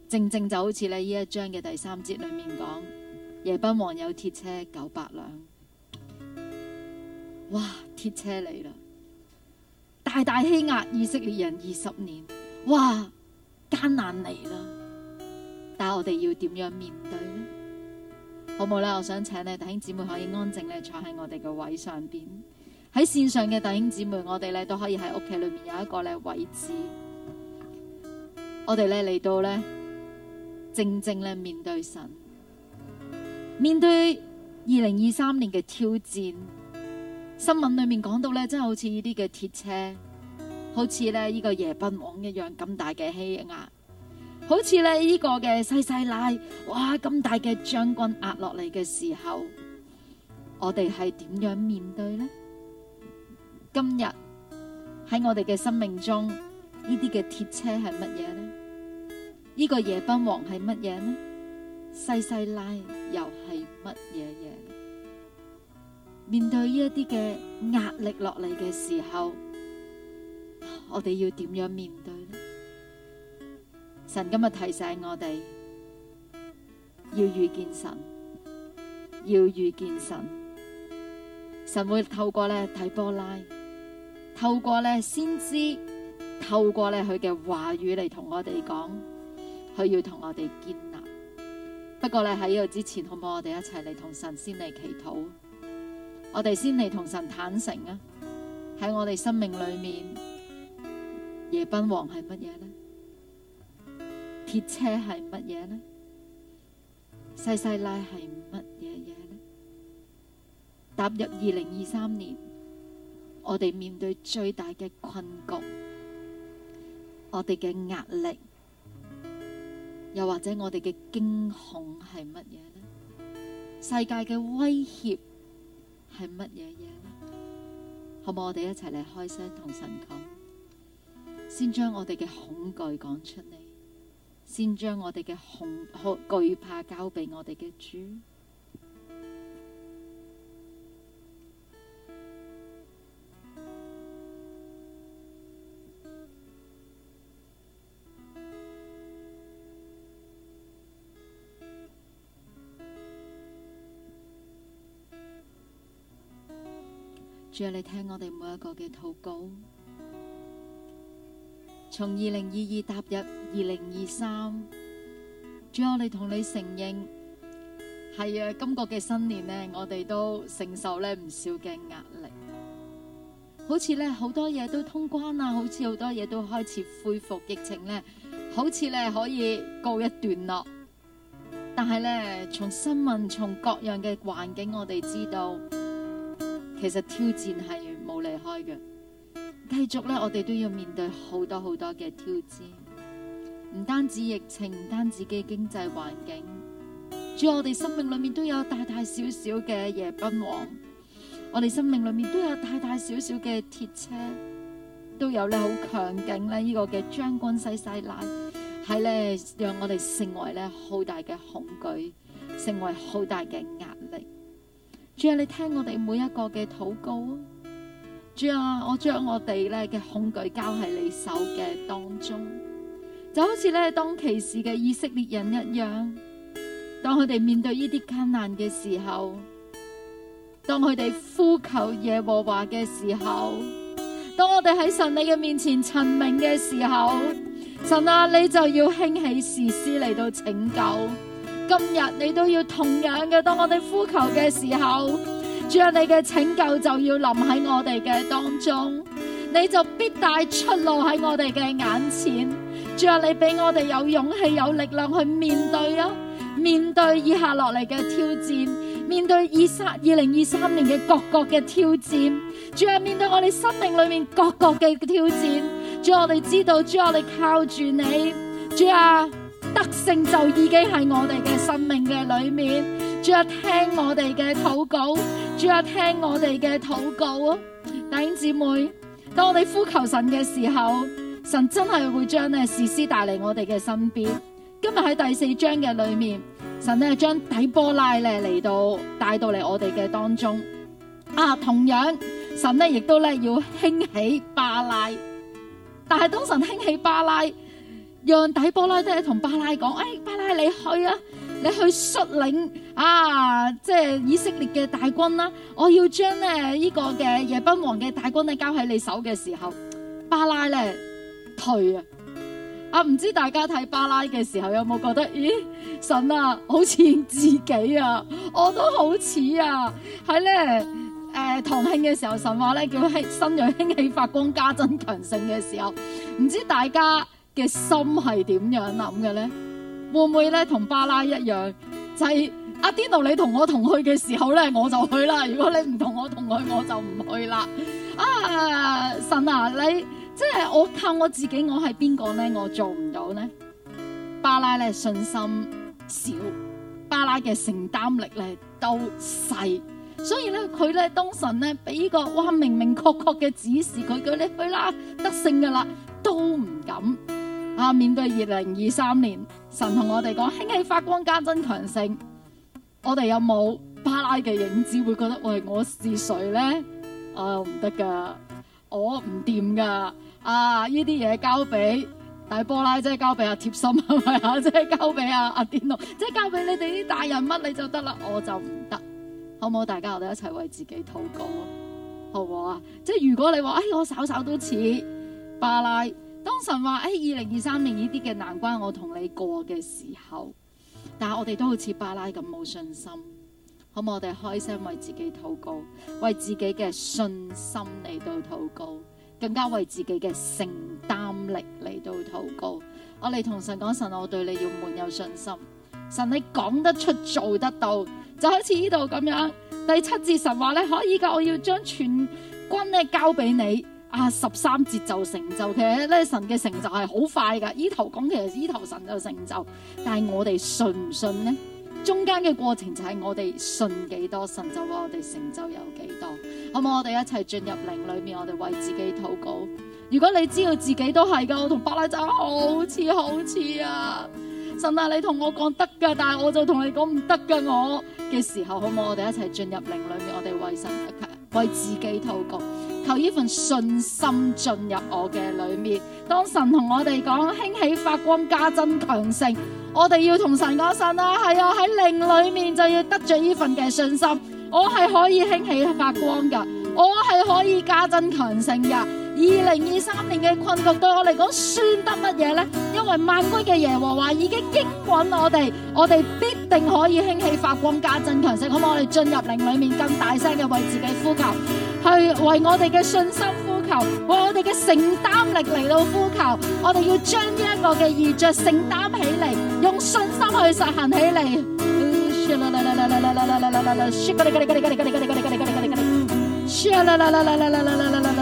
正正就好似你呢一章嘅第三節裏面講，耶賓王有鐵車九百輛，哇，鐵車嚟啦！大大欺壓以色列人二十年，哇，艱難嚟啦！但係我哋要點樣面對咧？好唔好咧？我想請你弟兄姊妹可以安靜咧坐喺我哋嘅位上邊。喺綫上嘅弟兄姊妹，我哋咧都可以喺屋企裏面有一個咧位置，我哋咧嚟到咧正正咧面對神，面對二零二三年嘅挑戰，新聞裏面講到咧，真係好似呢啲嘅鐵車，好似咧呢個耶賓王一樣咁大嘅欺壓，好似咧呢個嘅西西拉，哇咁大嘅將軍壓落嚟嘅時候，我哋係點樣面對呢？今日喺我哋嘅生命中，呢啲嘅鐵車係乜嘢呢？呢個耶賓王係乜嘢呢？西西拉又係乜嘢嘢？面對呢一啲嘅壓力落嚟嘅時候，我哋要點樣面對呢？神今日提醒我哋要遇見神，要遇見神，神會透過呢底波拉。透過咧先知，透過咧佢嘅話語嚟同我哋講，佢要同我哋建立。不過咧喺呢度之前，可唔可以我哋一齊嚟同神先嚟祈禱？我哋先嚟同神坦誠啊！喺我哋生命裏面，耶賓王係乜嘢呢？鐵車係乜嘢呢？西西拉係乜嘢呢？踏入二零二三年。我哋面對最大嘅困局，我哋嘅壓力，又或者我哋嘅驚恐係乜嘢呢？世界嘅威脅係乜嘢嘢呢？好唔好？我哋一齊嚟開聲同神講，先將我哋嘅恐懼講出嚟，先將我哋嘅恐恐懼怕交俾我哋嘅主。仲有，你聽我哋每一個嘅禱告。從二零二二踏入二零二三，仲有，我哋同你承認係啊，今個嘅新年咧，我哋都承受咧唔少嘅壓力。好似咧好多嘢都通關啊，好似好多嘢都開始恢復，疫情咧，好似咧可以告一段落。但係咧，從新聞從各樣嘅環境，我哋知道。其實挑戰係冇離開嘅，繼續咧，我哋都要面對好多好多嘅挑戰，唔單止疫情，唔單止嘅經濟環境，仲有我哋生命裏面都有大大小小嘅耶賓王，我哋生命裏面都有大大小小嘅鐵車，都有咧好強勁咧呢，這個嘅將軍西西拉，係咧讓我哋成為咧好大嘅恐懼，成為好大嘅壓力。主啊，你聽我哋每一個嘅禱告啊！主啊，我將我哋咧嘅恐懼交喺你手嘅當中，就好似咧當其時嘅以色列人一樣，當佢哋面對呢啲艱難嘅時候，當佢哋呼求耶和華嘅時候，當我哋喺神你嘅面前陳明嘅時候，神啊，你就要興起士師嚟到拯救。今日你都要同樣嘅，當我哋呼求嘅時候，主你嘅拯救就要臨喺我哋嘅當中，你就必帶出路喺我哋嘅眼前。主你俾我哋有勇氣、有力量去面對啊，面對以下落嚟嘅挑戰，面對二三二零二三年嘅各個嘅挑戰，主啊，面對我哋生命裏面各個嘅挑戰，主我哋知道，主我哋靠住你，主啊。德性就已經喺我哋嘅生命嘅裏面，主啊，聽我哋嘅禱告，主啊，聽我哋嘅禱告。弟兄姊妹，當我哋呼求神嘅時候，神真係會將呢事事帶嚟我哋嘅身邊。今日喺第四章嘅裏面，神呢將底波拉咧嚟到帶到嚟我哋嘅當中。啊，同樣神呢亦都咧要興起巴拉，但係當神興起巴拉。讓底波拉都係同巴拉講，誒、哎，巴拉你去啊，你去率領啊，即係以色列嘅大軍啦。我要將誒呢個嘅耶賓王嘅大軍咧交喺你手嘅時候，巴拉咧退啊。啊，唔知大家睇巴拉嘅時候有冇覺得，咦，神啊，好似自己啊，我都好似啊，喺咧誒，堂慶嘅時候神話咧叫喺新銳興起發光加增強盛嘅時候，唔知大家。嘅心係點樣諗嘅咧？會唔會咧同巴拉一樣？就係阿底波拉，你同我同去嘅時候咧，我就去啦。如果你唔同我同去，我就唔去啦。啊，神啊，你即係我靠我自己，我係邊個咧？我做唔到咧。巴拉咧信心少，巴拉嘅承擔力咧都細，所以咧佢咧當神咧俾個哇明明確確嘅指示佢，佢叫你去啦，得勝噶啦，都唔敢。啊！面對二零二三年，神同我哋講：興起發光加增強盛。我哋有冇巴拉嘅影子？會覺得喂，我是誰咧？啊，唔得噶，我唔掂噶。啊，呢啲嘢交俾底波拉，啊，即係交俾阿貼心，係咪啊？即係交俾阿阿天樂，即係交俾你哋啲大人，乜你就得啦，我就唔得，好唔好？大家我哋一齊為自己禱告，好唔好啊？即係如果你話，哎，我稍稍都似巴拉。當神話喺二零二三年呢啲嘅難關，我同你過嘅時候，但係我哋都好似巴拉咁冇信心，好唔好？我哋開聲為自己禱告，為自己嘅信心嚟到禱告，更加為自己嘅承擔力嚟到禱告。我哋同神講，神，我對你要滿有信心。神，你講得出，做得到，就好似呢度咁樣。第七節神話咧，可以噶，我要將全軍咧交俾你。啊！十三節就成就嘅咧，其實神嘅成就係好快噶。依頭講其實依頭神就成就，但係我哋信唔信呢？中間嘅過程就係我哋信幾多，神就話我哋成就有幾多。好唔好？我哋一齊進入靈裏面，我哋為自己禱告。如果你知道自己都係噶，我同巴拉扎好似好似啊！神啊，你同我講得噶，但係我就同你講唔得噶。我嘅時候，好唔好？我哋一齊進入靈裏面，我哋為神為自己禱告。求呢份信心進入我嘅裏面。當神同我哋講興起發光加增強盛，我哋要同神講神啦，係啊，喺靈、啊、裏面就要得着呢份嘅信心，我係可以興起發光噶，我係可以加增強盛噶。二零二三年嘅困局對我嚟講算得乜嘢咧？因為萬軍嘅耶和華已經經穩我哋，我哋必定可以興起發光加增強盛，好唔好？我哋進入靈裡面，更大聲嘅為自己呼求，去為我哋嘅信心呼求，為我哋嘅承擔力嚟到呼求。我哋要將呢一個嘅異象承擔起嚟，用信心去實行起嚟。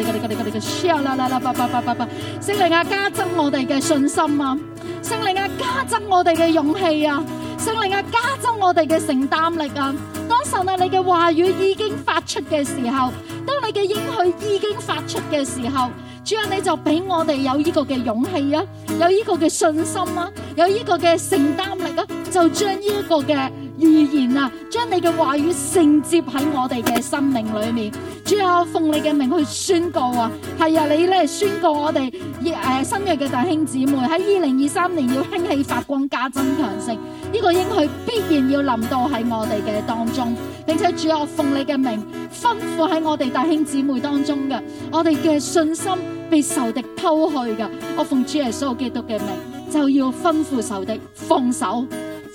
嚟嚟嚟！謝啦啦啦！爸爸爸爸爸！聖靈啊，加增我哋嘅信心啊！聖靈啊，加增我哋嘅勇氣啊！聖靈啊，加增我哋嘅承擔力啊！當神啊，你嘅話語已經發出嘅時候，當你嘅應許已經發出嘅時候，主啊，你就俾我哋有呢個嘅勇氣啊，有呢個嘅信心啊，有呢個嘅承擔力啊，就將呢個嘅。預言啊，將你嘅話語承接喺我哋嘅生命裏面。主要我奉你嘅名去宣告啊，係啊，你咧宣告我哋誒、呃、新約嘅弟兄姊妹喺二零二三年要興起發光加增強盛。呢、這個應許必然要臨到喺我哋嘅當中，並且主要我奉你嘅名吩咐喺我哋弟兄姊妹當中嘅，我哋嘅信心被仇敵偷去嘅，我奉主耶穌基督嘅名就要吩咐仇敵放手，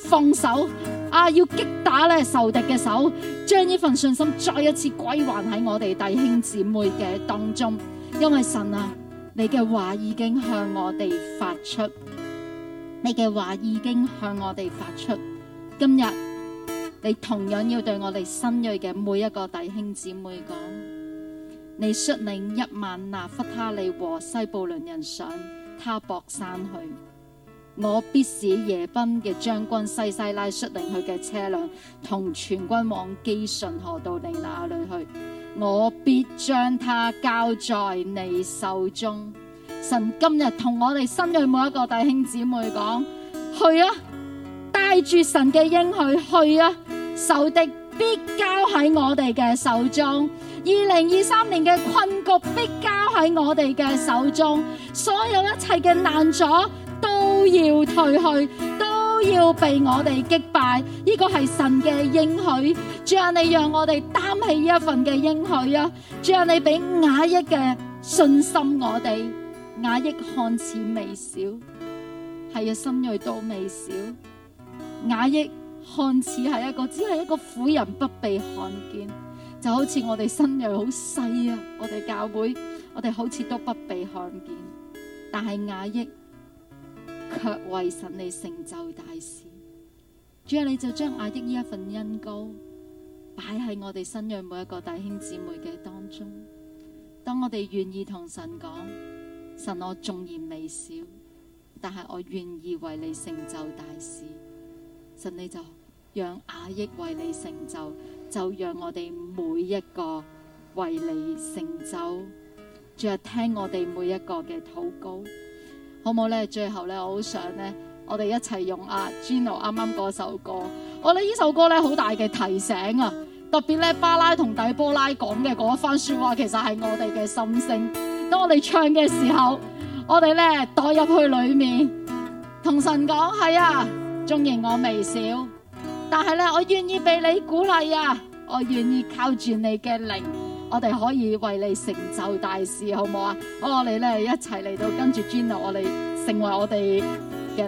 放手。啊！要擊打咧仇敵嘅手，將呢份信心再一次歸還喺我哋弟兄姊妹嘅當中。因為神啊，你嘅話已經向我哋發出，你嘅話已經向我哋發出。今日你同樣要對我哋新銳嘅每一個弟兄姊妹講：你率領一萬拿弗他利和西布倫人上他泊山去。我必使耶賓嘅將軍西西拉率領佢嘅車輛同全軍往基順河，到你那裡去。我必將他交在你手中。神今日同我哋新銳每一個弟兄姊妹講：去啊！帶住神嘅應許去啊！仇敵必交喺我哋嘅手中，二零二三年嘅困局必交喺我哋嘅手中，所有一切嘅難阻。都要退去，都要被我哋擊敗，呢個係神嘅應許。主啊，你讓我哋擔起呢一份嘅應許啊！主啊，你俾雅億嘅信心我哋，雅億看似微小，係啊，新銳都微小。雅億看似係一個，只係一個婦人不被看見，就好似我哋新銳好細啊！我哋教會，我哋好似都不被看見，但係雅億。卻為神你成就大事，主要你就將阿的呢一份恩膏擺喺我哋身嘅每一個弟兄姊妹嘅當中。當我哋願意同神講，神我縱然微笑，但係我願意為你成就大事，神你就讓阿益為你成就，就讓我哋每一個為你成就，主啊，聽我哋每一個嘅禱告。好唔好咧？最後咧，我好想咧，我哋一齊用啊 Gino 啱啱嗰首歌。我覺得呢首歌咧，好大嘅提醒啊！特別咧，巴拉同底波拉講嘅嗰番説話，其實係我哋嘅心聲。當我哋唱嘅時候，我哋咧，代入去裏面，同神講：係啊，縱然我微小，但係咧，我願意畀你鼓勵啊！我願意靠住你嘅靈。我哋可以為你成就大事，好唔好啊？好，我哋咧一齊嚟到跟住 Gina，我哋成為我哋嘅。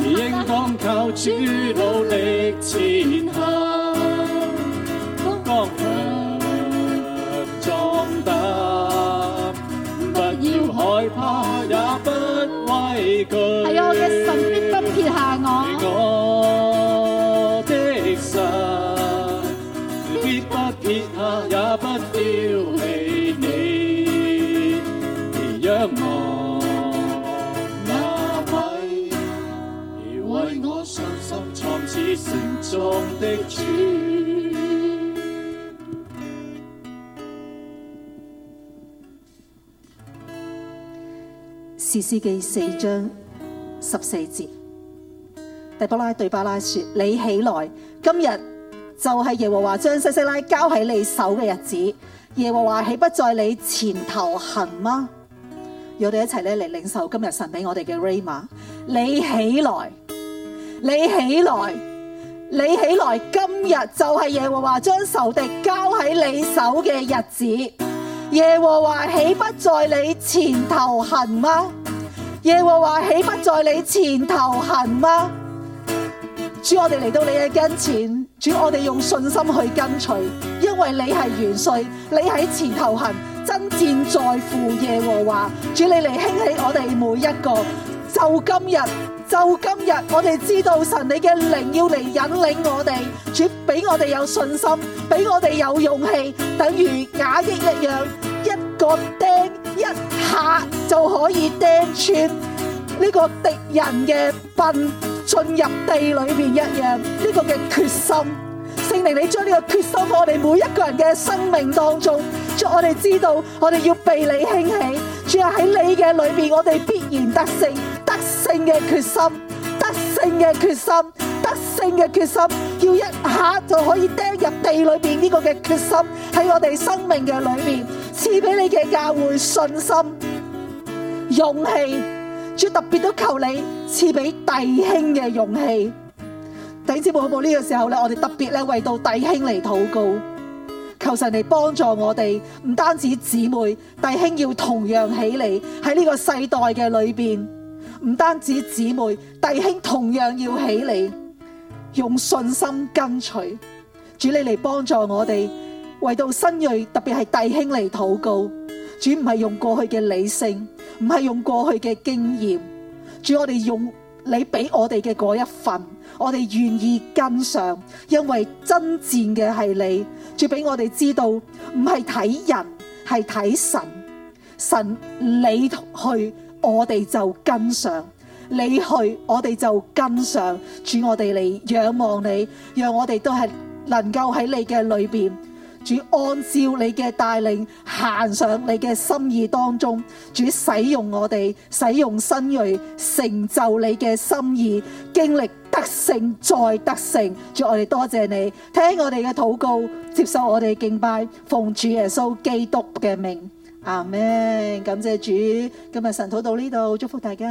應當靠主努力前進。士師記四章十四節，底波拉對巴拉說：你起來，今日就係耶和華將西西拉交喺你手嘅日子。耶和華豈不在你前頭行嗎？要我哋一齊咧嚟領受今日神俾我哋嘅 rama。你起來，你起來，你起來，今日就係耶和華將仇敵交喺你手嘅日子。耶和華豈不在你前頭行嗎？耶和華豈不在你前頭行嗎？主，我哋嚟到你嘅跟前，主，我哋用信心去跟隨，因為你係元帥，你喺前頭行，真戰在乎耶和華。主，你嚟興起我哋每一個。就今日，就今日，我哋知道神你嘅靈要嚟引領我哋，主俾我哋有信心，俾我哋有勇氣，等如雅億一樣，一個釘一下就可以釘穿呢個敵人嘅鬢進入地裏面一樣，呢、這個嘅決心，聖靈你將呢個決心放我哋每一個人嘅生命當中，作我哋知道我哋要被你興起，主啊喺你嘅裏邊，我哋必然得勝。勝嘅決心，得勝嘅決心，得勝嘅決心，要一下就可以釘入地裏邊呢個嘅決心，喺我哋生命嘅裏面，賜俾你嘅教會信心、勇氣。主特別都求你賜俾弟兄嘅勇氣。弟兄姊妹好唔好？呢個時候咧，我哋特別咧為到弟兄嚟禱告，求神嚟幫助我哋，唔單止姊妹，弟兄要同樣起嚟喺呢個世代嘅裏邊。唔單止姊妹弟兄同樣要起嚟，用信心跟隨主，你嚟幫助我哋，為到新銳特別係弟兄嚟禱告。主唔係用過去嘅理性，唔係用過去嘅經驗，主我哋用你俾我哋嘅嗰一份，我哋願意跟上，因為真正嘅係你。主俾我哋知道，唔係睇人，係睇神。神你去，我哋就跟上你去，我哋就跟上主我，我哋嚟仰望你，讓我哋都係能夠喺你嘅裏邊，主按照你嘅帶領行上你嘅心意當中，主使用我哋，使用新銳成就你嘅心意，經歷得勝再得勝，主我哋多謝你，聽我哋嘅禱告，接受我哋敬拜，奉主耶穌基督嘅名。阿們，感謝主，今日晨禱到呢度，祝福大家。